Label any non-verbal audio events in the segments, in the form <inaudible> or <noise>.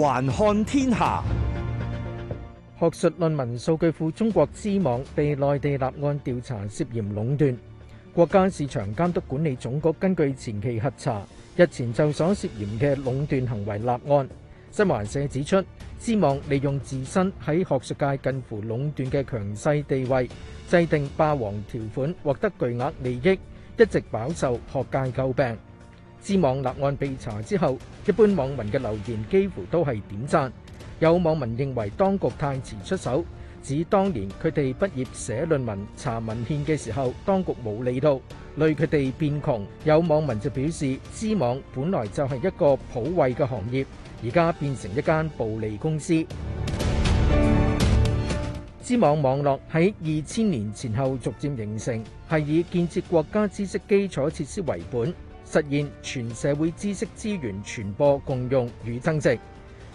環看天下，學術論文數據庫中國知網被內地立案調查，涉嫌壟斷。國家市場監督管理總局根據前期核查，日前就所涉嫌嘅壟斷行為立案。新華社指出，知網利用自身喺學術界近乎壟斷嘅強勢地位，制定霸王條款，獲得巨額利益，一直飽受學界詬病。知網立案被查之後，一般網民嘅留言幾乎都係點讚。有網民認為當局太遲出手，指當年佢哋畢業寫論文查文獻嘅時候，當局冇理到，累佢哋變窮。有網民就表示，知網本來就係一個普惠嘅行業，而家變成一間暴利公司。 <music> 知網網絡喺二千年前後逐漸形成，係以建設國家知識基礎設施為本。實現全社會知識資源傳播、共用與增值。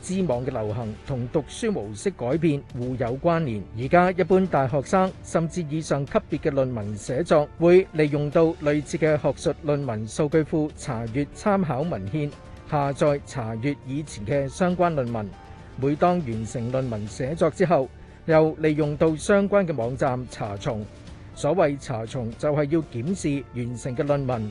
知網嘅流行同讀書模式改變互有關聯。而家一般大學生甚至以上級別嘅論文寫作會利用到類似嘅學術論文數據庫查閱參考文獻、下載查閱以前嘅相關論文。每當完成論文寫作之後，又利用到相關嘅網站查重。所謂查重就係要檢視完成嘅論文，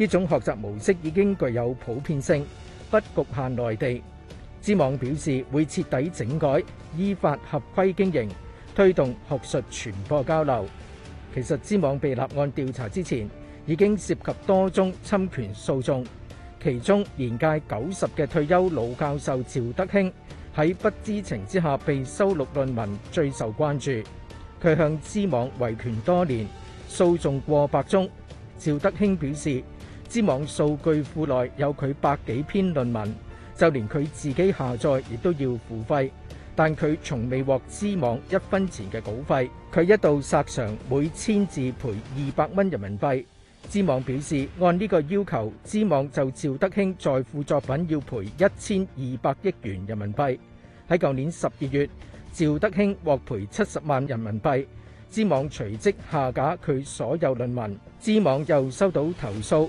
呢種學習模式已經具有普遍性，不局限內地。知網表示會徹底整改，依法合規經營，推動學術傳播交流。其實知網被立案調查之前，已經涉及多宗侵權訴訟，其中年屆九十嘅退休老教授趙德興喺不知情之下被收錄論文，最受關注。佢向知網維權多年，訴訟過百宗。趙德興表示。知網數據庫內有佢百幾篇論文，就連佢自己下載亦都要付費，但佢從未獲知網一分錢嘅稿費。佢一度索償每千字賠二百蚊人民幣。知網表示按呢個要求，知網就趙德興在庫作品要賠一千二百億元人民幣。喺舊年十二月，月，趙德興獲賠七十萬人民幣，知網隨即下架佢所有論文。知網又收到投訴。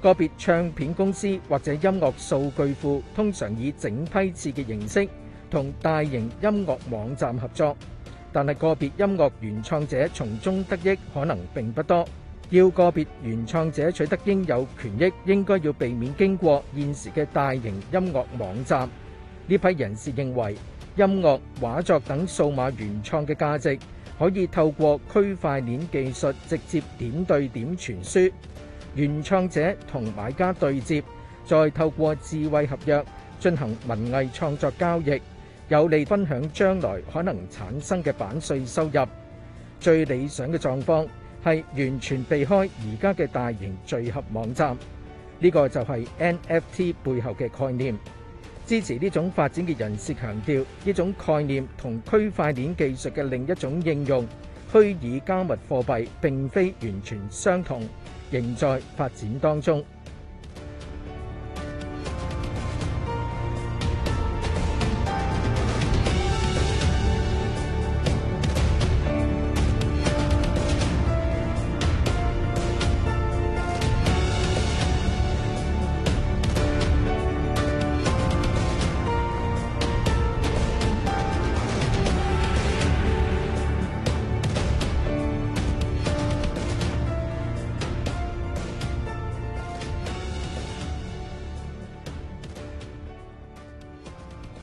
個別唱片公司或者音樂數據庫通常以整批次嘅形式同大型音樂網站合作，但係個別音樂原創者從中得益可能並不多。要個別原創者取得應有權益，應該要避免經過現時嘅大型音樂網站。呢批人士認為，音樂、畫作等數碼原創嘅價值可以透過區塊鏈技術直接點對點傳輸。原創者同買家對接，再透過智慧合約進行文藝創作交易，有利分享將來可能產生嘅版稅收入。最理想嘅狀況係完全避開而家嘅大型聚合網站，呢個就係 NFT 背後嘅概念。支持呢種發展嘅人士強調，呢種概念同區塊鏈技術嘅另一種應用——虛擬加密貨幣，並非完全相同。仍在發展當中。